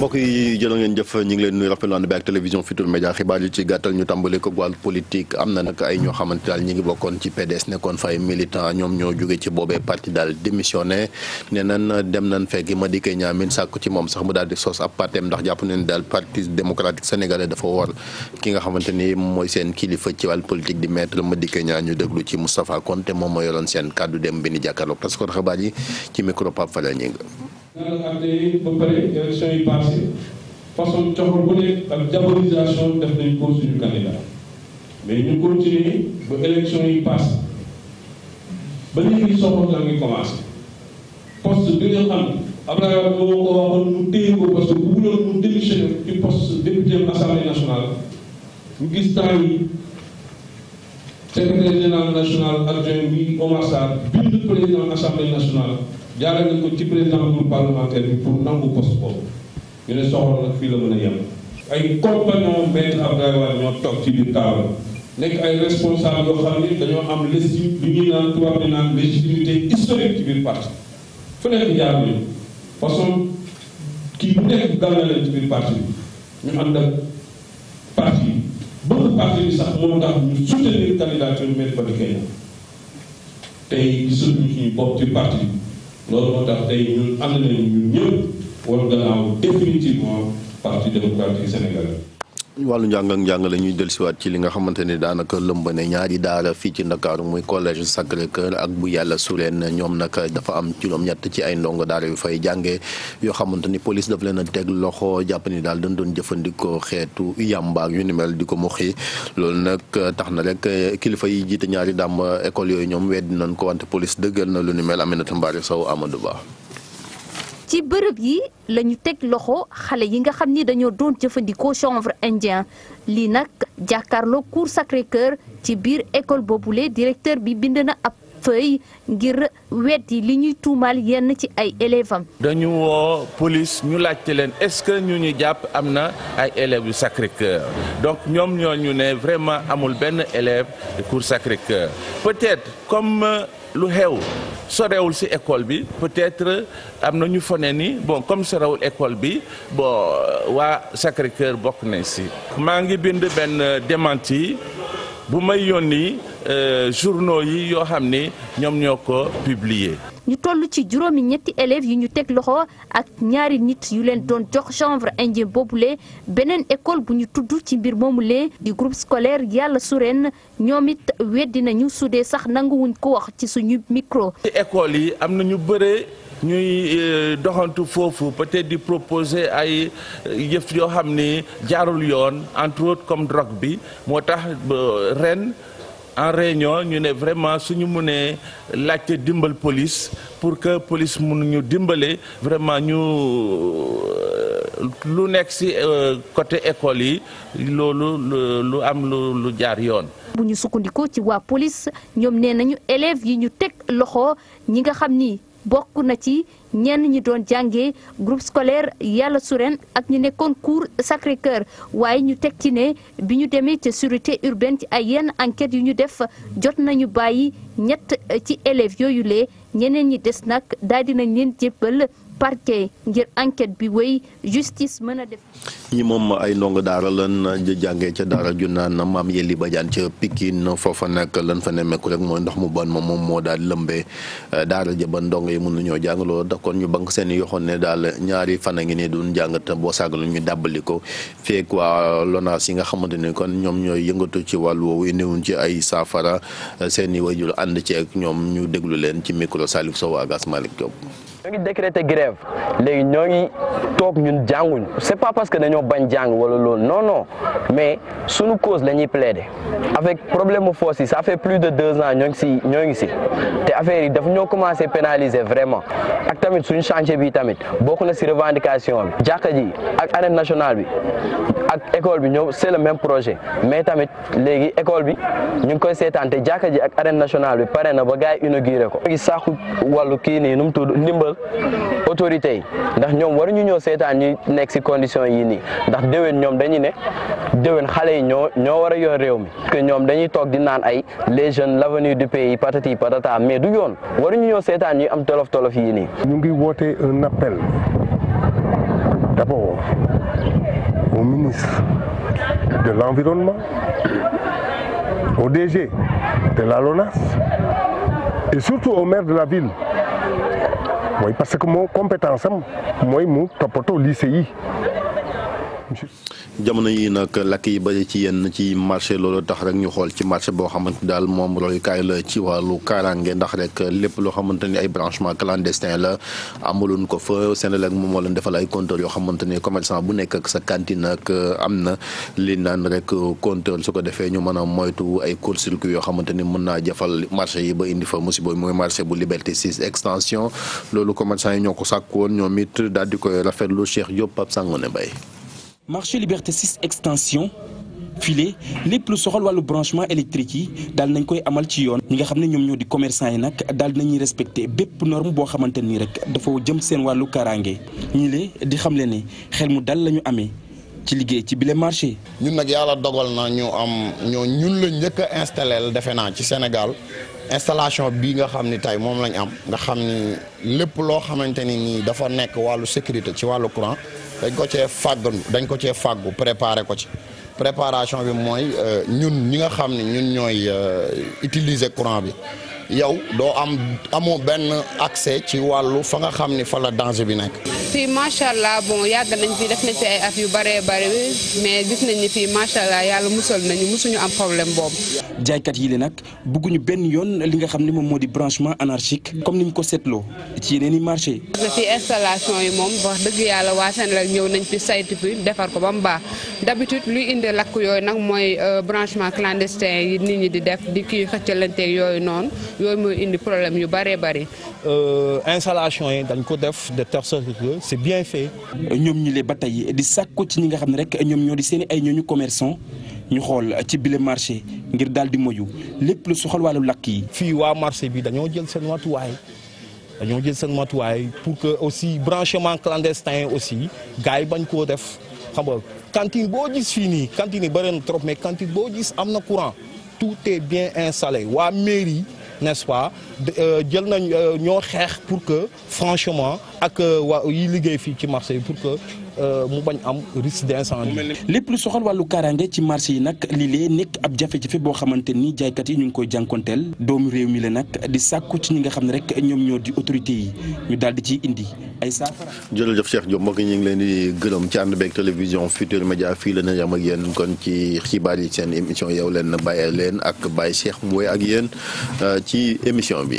mbokk yi jërë ngeen jëf ñu ngi leen nuyu rafetlu ànd bi ak télévision Futurs Médias xibaar yi ci gàttal ñu tàmbale ko wàllu politique am na nag ay ñoo xamante daal ñi ngi bokkoon ci PDS nekkoon fay militant ñoom ñoo jóge ci boobee parti daal démissionné ne nan dem nañ fekki Madické Niamine sàkku ci moom sax mu daal di sos ab partem ndax jàpp nañ daal parti démocratique sénégalais dafa war ki nga xamante ni mooy seen kilifa ci wàllu politique di maître Madické Niang ñu déglu ci Moustapha moom moo yoroon seen kàddu dem bi ni jàkkaarloog parce que nga ne atte yi ba pare élection yi passé façon coxor bu nekk ak diabolisation def nañ ko suñu candidat mais ñu continuer ba élection yi passé ba léegi soxor la ngi commencé poste bi nga xam Abdoulaye Wade moo ko waxoon mu téye ko parce que bu wuloon mu démissionné ci poste député assemblée nationale ñu gis temps yi secrétaire général national bi Omar Sarr bind président assemblée jaaree nañ ko ci président groupe parlementaire bi pour nangu poste boobu ñu ne soxor nag fii la mën a yem. ay compagnons maître Abdoulaye Wade ñoo toog ci biir taabal nekk ay responsable yoo xam ni dañoo am légitime lu ñuy naan tubaab di naan légitimité historique ci biir parti fu nekk jaar nañu façon kii bu nekk dal ci biir parti bi ñu ànd ak parti bëgg parti bi sax moo tax ñu soutenir candidature maître Madické Niang tey gisuñu suñu bopp ci parti bi. loolu moo tax tey ñun ànd nañu ñun ñëpp war gannaaw parti démocratique sénégalais wàllu njàng ak njàngale ñuy dellusiwaat ci li nga xamante ni daanaka lëmb ne ñaari daara fii ci ndakaaru muy collège Sacré Cœur ak bu yàlla sureen ñoom nag dafa am juróom-ñett ci ay ndongo daara yu fay jàngee yoo xamante ni police daf leen a teg loxo jàpp ni daal dañ doon jëfandikoo xeetu yàmbaak yu ni mel di ko muxi loolu nag tax na rek kilifa yi jiite ñaari dàmm ecole yooyu ñoom weddi nañ ko wante police dëggal na lu ni mel Aminata Mbaari Sow Amadou ci bërëb yi la ñu teg loxo xale yi nga xam ni dañoo doon jëfandikoo chanvre indien lii nag jàkkaarloo cour Sacré Cœur ci biir école boobule directeur bi bind na ab feuille ngir yi li ñuy tuumaal yenn ci ay élèves am. dañu woo police ñu laajte leen est-ce que ñu ñu jàpp am na ay élèves yu Sacré Cœur donc ñoom ñoo ñu ne vraiment amul benn élève de cour Sacré Cœur peut-être comme. lu xew sorewul ci école bi peut-être am na ñu fa ni bon comme sorewul école bi bon waa sacré bokk nañ si maa ngi bind benn démenti bu may yónni euh, journaux yi yoo xam ni ñoom ñoo ko publier. ñu tollu ci juróomi ñetti élèves yi ñu teg loxo ak ñaari nit yu leen doon jox chanvre indien boobule beneen école bu ñu tudd ci mbir moomu lee di groupe scolaire yàlla sureen ñoom it weddi nañu sudee sax nanguwuñ ko wax ci suñu micro. école yi am na ñu bëre ñuy euh, doxantu foofu peut-être di proposer ay euh, yëf yoo xam ni jaarul yoon entre autres comme drogue bi moo tax euh, ren. en réunion ñu ne vraiment suñu munee laajte dimbal police pour que police mun ñu dimbale vraiment ñu euh, lu nekk ci euh, côté école yi loolu lu am lu lu jaar yoon. bu ñu sukkandikoo ci waa police ñoom nee nañu élèves yi ñu teg loxo ñi nga xam ni. bokk na ci ñenn ñi doon jàngee groupe scolaire yàlla suren ak ñu nekkoon cours Sacré Cœur waaye ñu teg ci ne bi ñu demee ca sûreté urbaine ci ay yenn enquêtes yu ñu def jot nañu bàyyi ñett eh, ci élèves yooyu lee ñeneen ñi des nag daal dinañ leen jébbal parquet ngir enquête bi way justice mën a def. ñi moom ay ndongo daara lan jànge ca daara ju naan maam Yelli Badiane ca Pikine foofa nag lan fa ne nemmeeku rek mooy ndox mu bon ma moom moo daal lëmbee eh, daara ja ba ndongo yi mën nañoo jàng loolu da kon ñu bank seen yoxoon ne daal ñaari fan a ngi ne duñ jàngat boo sàggalu ñu dàbbali ko feek waa LONASE yi nga xamante ni kon ñoom ñooy yëngatu ci wàllu woowu indiwuñ ci ay saafara eh, seeni i wayjur ànd ceeg ñoom ñu déglu leen ci micro Salif Sow ak Asmalik Diop ñoo ngi décrété grève léegi ñoo ngi toog ñun jànguñ c'est pas parce que dañoo bañ jàng wala loolu non non mais suñu cause la ñuy plaider avec problème mu foos yi ça fait plus de deux ans ñoo ngi si ñoo ngi si te affaire yi ñoo commencé pénaliser vraiment ak tamit suñu chantier bi tamit bokk na si revendication bi jàkka ji ak arène nationale bi ak école bi ñoo c'est le même projet mais tamit léegi école bi ñu ngi koy seetaan te ji ak arène national bi pare na ba gars dimbal autorité yi ndax ñoom war ñu ñoo seetaan ñi nekk si condition yi nii ndax déwén ñoom dañuy ne déwén xale yi ñoo ñoo war a yor réew mi que ñoom dañuy toog di naan ay les jeunes l'avenir du pays patati patata mais du yoon waruñu ñëw seetaan ñi am tolof tolof yii nii. ñu ngi woote un appel d'abord au ministre de l'environnement au DG de la LONASE et surtout au maire de la ville mooy parce que moo compétence am mooy mu toppatoo lycée yi jamono yi nag lakk yi bëri ci yenn ci marché loolu tax rek ñu xool ci marché boo xamante daal moom royukaay la ci wàllu kaaraange ndax rek lépp loo xamante ni ay branchement clandestin la amaloon ko fa Senelec moom moo leen defal ay compteur yoo xamante ni commerçant bu nekk ak sa cantine euh, am na li naan rek euh, compteur su ko defee ñu mën a moytu ay court circuit yoo xamante ni mën naa jafal marché yi ba indi fa musiba mooy marché bu Liberté 6 extension loolu commerçant yi ñoo ko sàkk woon ñoom it daal di koy rafetlu Cheikh Diop Pape ne bay marché liberté 6 extension file lépp lu soxal wàllu branchement électrique yi daal nañ koy amal ci yoon ñi nga xam ne ñoom ñoo di commerçant yi nag daal dinañuy respecté bépp norme boo xamante nii rek dafa jëm seen wàllu kaaraange ñi le di xam le ne xel mu dal la ñu amee ci liggéey ci bile marché ñun nag yàlla dogal na ñu am ñoo ñun la njëkk a installé defe naa ci Sénégal installation bii nga xam ni tey moom lañ am nga xam ni lépp loo xamante ni dafa nekk wàllu sécurité ci wàllu courant dañ ko cee dañ ko cee fàggu préparer ko ci préparation bi mooy euh, ñun ñi nga xam ne ñun ñooy euh, utiliser courant bi yow doo am amoo benn accès ci wàllu fa nga xam ni fa la danger bi nag fii macha allah bon yàgg nañ fi def nañ fi ay at yu bëree bëri mais gis nañ ni fii macha allah yàlla musal nañu musuñu am problème boobu. jaaykat yi li nag bëgguñu benn yoon li nga xam ne moom moo di branchement anarchique comme niñ ko seetloo ci yeneen i marché. fi installation yi moom wax dëgg yàlla waa Senelec ñëw nañ fi saytu fi defar ko ba mu baax d'habitude luy indi lakk yooyu nag mooy euh, branchement clandestin yi nit ñi di def di kii xëccalanteeg yooyu noonu. yooyu mooy indi problème yu bëree bëri. Euh, installation yi dañ ko def de telle sorte que c'est bien fait. ñoom ñi le ba tey di sàkku ci ñi nga xam ne rek ñoom ñoo di seen ay ñooñu commerçant ñu xool ci bile marché ngir daal di moyu lépp lu soxal wàllu lakk yi. fii waa marché bi dañoo jël seen matuwaay dañoo jël seen matuwaay pour que aussi branchement clandestin aussi gars yi bañ koo def xam nga boo gis fii nii cantine yi bëri na trop mais cantine boo gis am na courant tout est bien installé waa mairie. n'est-ce pas euh, jël nañ euh, ñoo xeex pour que franchement ak euh, waa yi liggéey fii ci marché yi pour que Euh, mu bañ am risque d'incendie. lépp lu soxal wàllu kaaraange ci marché yi nag lii lee nekk ab jafe-jafe boo xamante ni jaaykat yi ñu ngi koy jànkonteel doomu réew mi la nag di sàkku ci ñi nga xam ne rek ñoom ñoo di autorité yi ñu daal di ciy indi ay saafara. jërëjëf Cheikh Diop mbokk ñu ngi leen di gërëm ci ànd beeg télévision Futurs Médias fii la ñu yam ak yéen kon ci xibaar yi seen émission yow leen bàyyi leen ak Baye Cheikh Mboye ak yéen euh, ci émission bi.